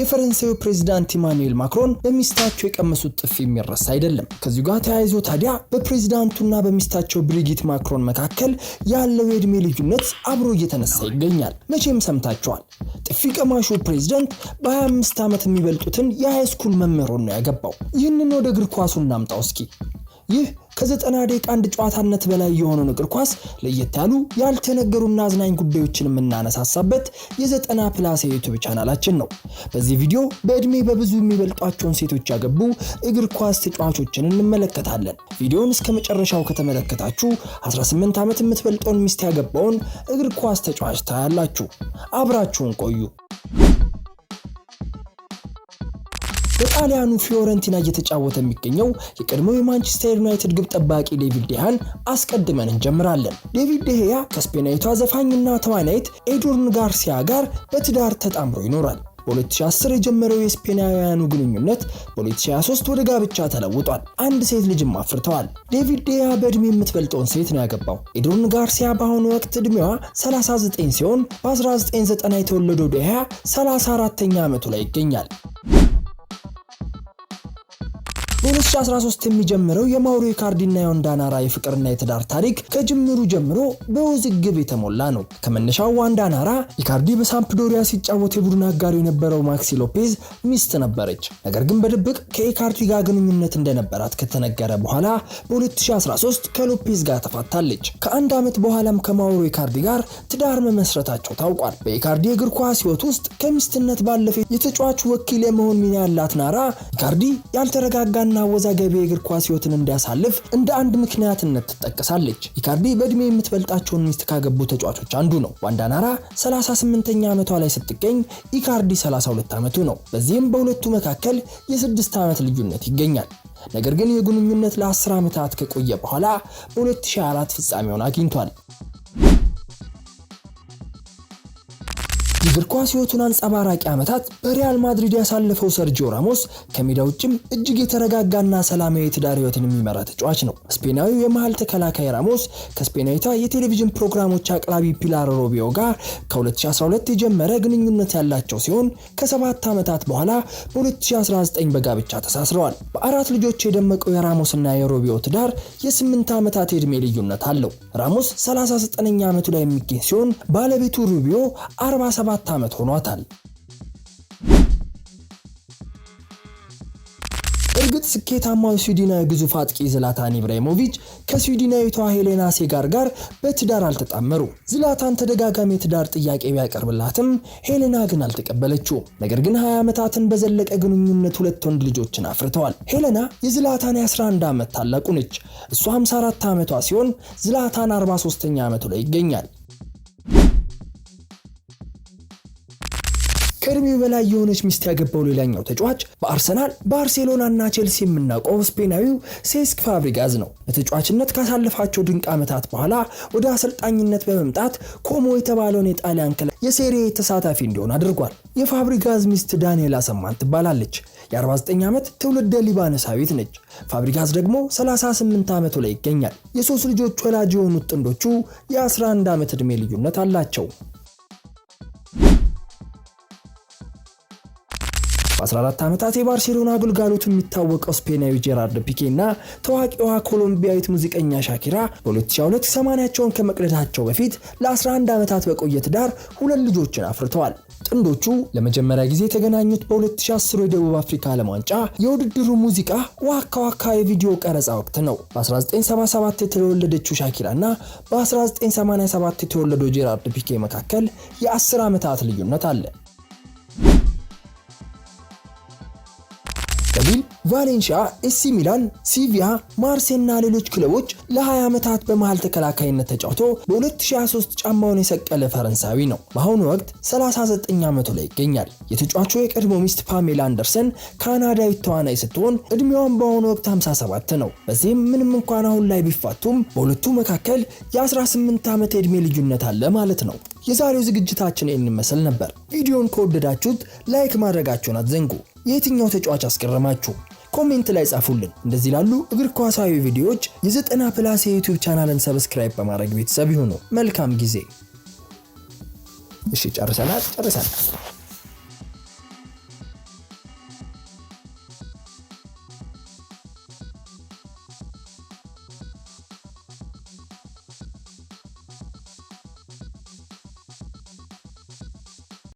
የፈረንሳዩ ፕሬዚዳንት ኢማኑኤል ማክሮን በሚስታቸው የቀመሱት ጥፊ የሚረሳ አይደለም። ከዚሁ ጋር ተያይዞ ታዲያ በፕሬዚዳንቱና በሚስታቸው ብሪጊት ማክሮን መካከል ያለው የእድሜ ልዩነት አብሮ እየተነሳ ይገኛል። መቼም ሰምታችኋል። ጥፊ ቀማሹ ፕሬዚዳንት በ25 ዓመት የሚበልጡትን የሃይስኩል መምህሩን ነው ያገባው። ይህንን ወደ እግር ኳሱ እናምጣው እስኪ። ይህ ከዘጠና ደቂቃ አንድ ጨዋታነት በላይ የሆነውን እግር ኳስ ለየት ያሉ ያልተነገሩና አዝናኝ ጉዳዮችን የምናነሳሳበት የዘጠና ፕላስ የዩቱብ ቻናላችን ነው። በዚህ ቪዲዮ በእድሜ በብዙ የሚበልጧቸውን ሴቶች ያገቡ እግር ኳስ ተጫዋቾችን እንመለከታለን። ቪዲዮውን እስከ መጨረሻው ከተመለከታችሁ 18 ዓመት የምትበልጠውን ሚስት ያገባውን እግር ኳስ ተጫዋች ታያላችሁ። አብራችሁን ቆዩ። በጣሊያኑ ፊዮረንቲና እየተጫወተ የሚገኘው የቀድሞው የማንቸስተር ዩናይትድ ግብ ጠባቂ ዴቪድ ዴሃን አስቀድመን እንጀምራለን። ዴቪድ ዴሄያ ከስፔናዊቷ ዘፋኝና ተዋናይት ኤዱርን ጋርሲያ ጋር በትዳር ተጣምሮ ይኖራል። በ2010 የጀመረው የስፔናውያኑ ግንኙነት በ2023 ወደ ጋብቻ ተለውጧል። አንድ ሴት ልጅም አፍርተዋል። ዴቪድ ዴያ በዕድሜ የምትበልጠውን ሴት ነው ያገባው። ኤዱርን ጋርሲያ በአሁኑ ወቅት ዕድሜዋ 39 ሲሆን በ1990 የተወለደው ዴያ 34ኛ ዓመቱ ላይ ይገኛል። በ2013 የሚጀምረው የማውሮ ኢካርዲና የወንዳ ራ የፍቅርና የትዳር ታሪክ ከጅምሩ ጀምሮ በውዝግብ የተሞላ ነው። ከመነሻው ዋንዳ ናራ ኢካርዲ በሳምፕዶሪያ ሲጫወት የቡድን አጋሪ የነበረው ማክሲ ሎፔዝ ሚስት ነበረች። ነገር ግን በድብቅ ከኢካርዲ ጋር ግንኙነት እንደነበራት ከተነገረ በኋላ በ2013 ከሎፔዝ ጋር ተፋታለች። ከአንድ ዓመት በኋላም ከማውሮ ኢካርዲ ጋር ትዳር መመስረታቸው ታውቋል። በኢካርዲ የእግር ኳስ ሕይወት ውስጥ ከሚስትነት ባለፈ የተጫዋቹ ወኪል የመሆን ሚና ያላት ናራ ኢካርዲ ያልተረጋጋ ውስብስብና አወዛጋቢ የእግር ኳስ ህይወትን እንዲያሳልፍ እንደ አንድ ምክንያትነት ትጠቀሳለች። ኢካርዲ በእድሜ የምትበልጣቸውን ሚስት ካገቡ ተጫዋቾች አንዱ ነው። ዋንዳ ናራ 38ኛ ዓመቷ ላይ ስትገኝ ኢካርዲ 32 ዓመቱ ነው። በዚህም በሁለቱ መካከል የስድስት ዓመት ልዩነት ይገኛል። ነገር ግን የግንኙነት ለ10 ዓመታት ከቆየ በኋላ በ2024 ፍጻሜውን አግኝቷል። የእግር ኳስ ህይወቱን አንጸባራቂ ዓመታት በሪያል ማድሪድ ያሳለፈው ሰርጂዮ ራሞስ ከሜዳ ውጭም እጅግ የተረጋጋና ሰላማዊ የትዳር ህይወትን የሚመራ ተጫዋች ነው። ስፔናዊው የመሃል ተከላካይ ራሞስ ከስፔናዊቷ የቴሌቪዥን ፕሮግራሞች አቅራቢ ፒላር ሮቢዮ ጋር ከ2012 የጀመረ ግንኙነት ያላቸው ሲሆን ከሰባት ዓመታት በኋላ በ2019 በጋብቻ ተሳስረዋል። በአራት ልጆች የደመቀው የራሞስና የሮቢዮ ትዳር የስምንት ዓመታት የዕድሜ ልዩነት አለው። ራሞስ 39ኛ ዓመቱ ላይ የሚገኝ ሲሆን ባለቤቱ ሩቢዮ 47 ሰባት ዓመት ሆኗታል። እርግጥ ስኬታማው ስዊድናዊ ግዙፍ አጥቂ ዝላታን ኢብራሂሞቪች ከስዊድናዊቷ ሄሌና ሴጋር ጋር በትዳር አልተጣመሩ። ዝላታን ተደጋጋሚ የትዳር ጥያቄ ቢያቀርብላትም ሄሌና ግን አልተቀበለችው። ነገር ግን 20 ዓመታትን በዘለቀ ግንኙነት ሁለት ወንድ ልጆችን አፍርተዋል። ሄሌና የዝላታን የ11 ዓመት ታላቁ ነች። እሷ 54 ዓመቷ ሲሆን ዝላታን 43ኛ ዓመቱ ላይ ይገኛል። ከእድሜው በላይ የሆነች ሚስት ያገባው ሌላኛው ተጫዋች በአርሰናል ባርሴሎናና እና ቼልሲ የምናውቀው ስፔናዊው ሴስክ ፋብሪጋዝ ነው። በተጫዋችነት ካሳለፋቸው ድንቅ ዓመታት በኋላ ወደ አሰልጣኝነት በመምጣት ኮሞ የተባለውን የጣሊያን ክለብ የሴሬ ተሳታፊ እንዲሆን አድርጓል። የፋብሪጋዝ ሚስት ዳንኤላ ሰማን ትባላለች። የ49 ዓመት ትውልደ ሊባነሳዊት ነች። ፋብሪጋዝ ደግሞ 38 ዓመቱ ላይ ይገኛል። የሶስት ልጆች ወላጅ የሆኑት ጥንዶቹ የ11 ዓመት ዕድሜ ልዩነት አላቸው። በ14 ዓመታት የባርሴሎና አገልጋሎት የሚታወቀው ስፔናዊ ጄራርድ ፒኬ እና ታዋቂዋ ኮሎምቢያዊት ሙዚቀኛ ሻኪራ በ2002 ሰማንያቸውን ከመቅደታቸው በፊት ለ11 ዓመታት በቆየ ትዳር ሁለት ልጆችን አፍርተዋል። ጥንዶቹ ለመጀመሪያ ጊዜ የተገናኙት በ2010 የደቡብ አፍሪካ ዓለም ዋንጫ የውድድሩ ሙዚቃ ዋካ ዋካ የቪዲዮ ቀረጻ ወቅት ነው። በ1977 የተወለደችው ሻኪራ እና በ1987 የተወለደው ጄራርድ ፒኬ መካከል የ10 ዓመታት ልዩነት አለ። ቪያቶቪል፣ ቫሌንሺያ፣ ኤሲ ሚላን፣ ሲቪያ፣ ማርሴና ሌሎች ክለቦች ለ20 ዓመታት በመሃል ተከላካይነት ተጫውቶ በ2023 ጫማውን የሰቀለ ፈረንሳዊ ነው። በአሁኑ ወቅት 39 ዓመቱ ላይ ይገኛል። የተጫዋቹ የቀድሞ ሚስት ፓሜላ አንደርሰን ካናዳዊት ተዋናይ ስትሆን እድሜዋን በአሁኑ ወቅት 57 ነው። በዚህም ምንም እንኳን አሁን ላይ ቢፋቱም በሁለቱ መካከል የ18 ዓመት የዕድሜ ልዩነት አለ ማለት ነው። የዛሬው ዝግጅታችን ይህን ይመስል ነበር። ቪዲዮን ከወደዳችሁት ላይክ ማድረጋችሁን አትዘንጉ። የትኛው ተጫዋች አስገረማችሁ? ኮሜንት ላይ ጻፉልን። እንደዚህ ላሉ እግር ኳሳዊ ቪዲዮዎች የዘጠና ፕላስ የዩቲዩብ ቻናልን ሰብስክራይብ በማድረግ ቤተሰብ ይሁኑ። መልካም ጊዜ። እሺ ጨርሰናል፣ ጨርሰናል።